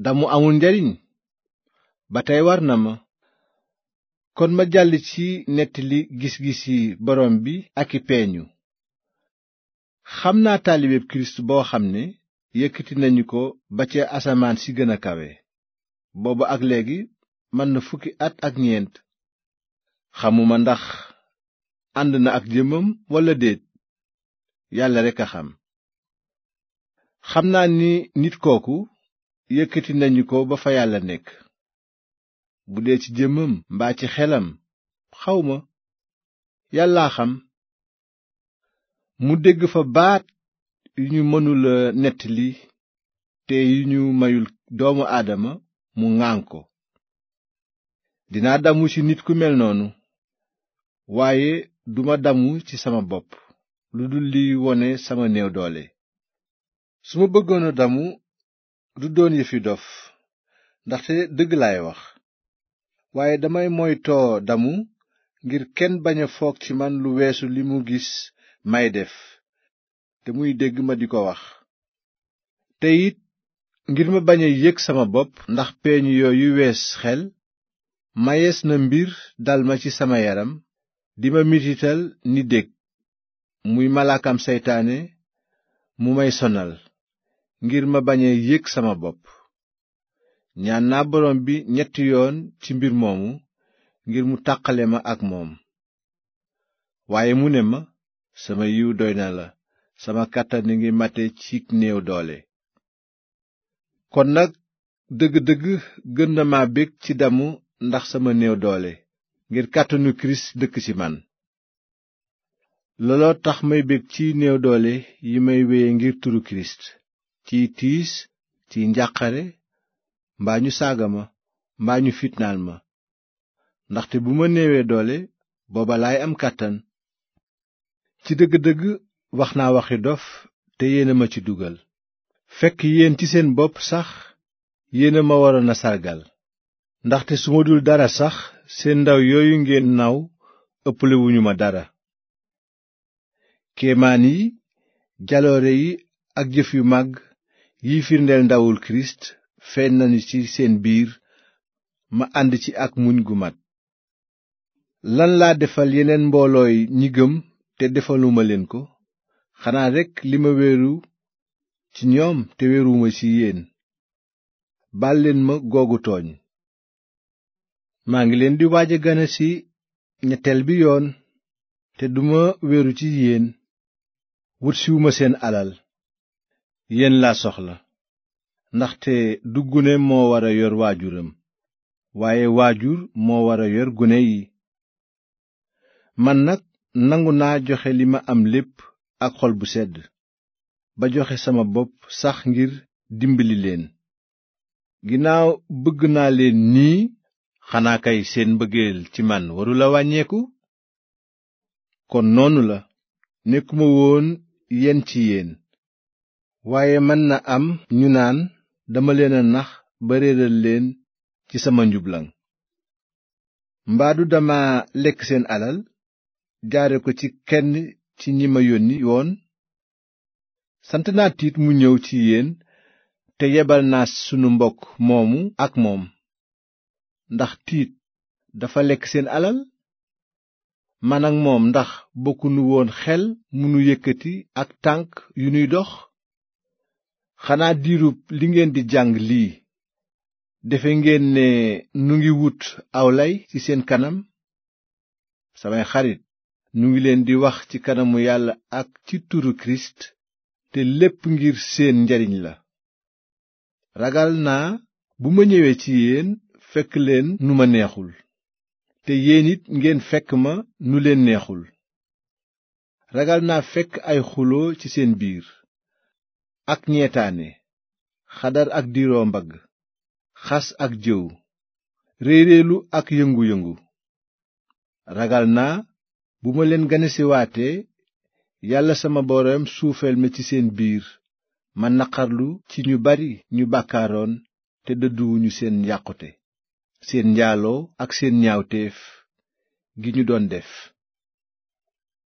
damu amul njariñ ba tey war na ma kon ma jàll ci nettali gis-gisi gis borom bi ak i peeñu xam naa taalibeeb kirist boo xam ne yëkkati nañu ko ba ca asamaan si gën a kawe boobu ak léegi mën na fukki at ak ñeent xamuma ndax ànd na ak jëmmam walla déet yàlla rekk a xam xam naa ni nit kooku yëkkati nañu ko ba fa yàlla nekk bu dee ci jëmmam mbaa ci xelam xawma yàlla xam mu dégg fa baat yu ñu mënula nettali te yu ñu mayul doomu aadama mu ŋaaŋ ko dinaa damu ci nit ku mel noonu waaye duma damu ci sama bopp lu dul li wone sama néew doole du doon yëfi dof ndaxte dëgg laay wax waaye damay moytoo damu ngir kenn baña foog ci man lu weesu li mu gis may def te muy dégg ma di ko wax tey it ngir ma bañ a yëg sama bopp ndax peeñ yooyu wees xel mayees na mbir dal ma ci sama yaram di ma mitital ni dég muy malaakam seytaane mu may sonal ngir ma bañ a sama bopp ñaan naa borom bi ñetti yoon ci mbir moomu ngir mu taqale ma ak moom waaye mu ne ma sama yiw doy na la sama kàttan ngi mate ci néew doole kon nag dëgg-dëgg gën na ma bég ci damu ndax sama néew doole ngir kàttanu kirist dëkk ci man looloo tax may bég ci néew doole yi may wéye ngir turu kirist ci tiis ci njàqare mbaa ñu saaga ma mbaa ñu fitnaal ma ndaxte bu ma neewee doole booba laay am kàttan ci dëgg-dëgg wax naa waxi dof te yéena ma ci dugal fekk yeen ci seen bopp sax yéena ma waroon a sargal ndaxte su ma dul dara sax seen ndaw yooyu ngeen naw ëppalewuñu ma dara yi jaloore yi ak jëf yu màgg yiy firndeel ndawul kirist feeñ nañu ci seen biir ma ànd ci ak muñ gu mat lan laa defal yeneen mboolooy ñi gëm te defaluma leen ko xanaa rekk li ma wéeru ci ñoom te wéeruwuma ci yéen baal leen ma googu tooñ maa ngi leen di waaj a gane si ñetteel bi yoon te duma wéeru ci yéen wutsiwuma seen alal yéen laa soxla ndaxte du gune moo wara yor waajuram waaye waajur moo wara yor gune yi man nag nangu naa joxe li ma am lépp ak xol bu sedd ba joxe sama bopp sax ngir dimbali leen ginnaaw bëgg naa leen nii xanaa kay seen mbëggeel ci man warula wàññeeku kon noonu la nekkuma woon yen ci yéen waaye mën na am ñu naan dama leen a nax ba réeral leen ci sama njublaŋ mbaa du dama lekk seen alal jaare ko ci kenn ci ñi ma yónni woon sant naa tiit mu ñëw ci yéen te yebal naa sunu mbokk moomu ak moom ndax tiit dafa lekk seen alal man ak moom ndax bokkunu woon xel mu munu yëkkati ak tànk yu nuy dox xanaa diirub li ngeen di jàng lii defe ngeen ne nu ngi wut aw lay ci seen kanam samay xarit nu ngi leen di wax ci kanamu yàlla ak ci turu kirist te lépp ngir seen njariñ la ragal naa bu ma ñëwee ci yéen fekk leen nu ma neexul te yéen it ngeen fekk ma nu leen neexul ragal naa fekk ay xuloo ci seen biir ak ñeetaane xadar ak diiroo mbagg xas ak jëw réeréelu ak yëngu yëngu ragal naa bu ma leen ganesiwaatee yàlla sama boroom suufeel ma ci seen biir ma naqarlu ci ñu bari ñu bàkkaaroon te dëdduwuñu seen yàqute seen njaaloo ak seen ñaawteef gi ñu doon def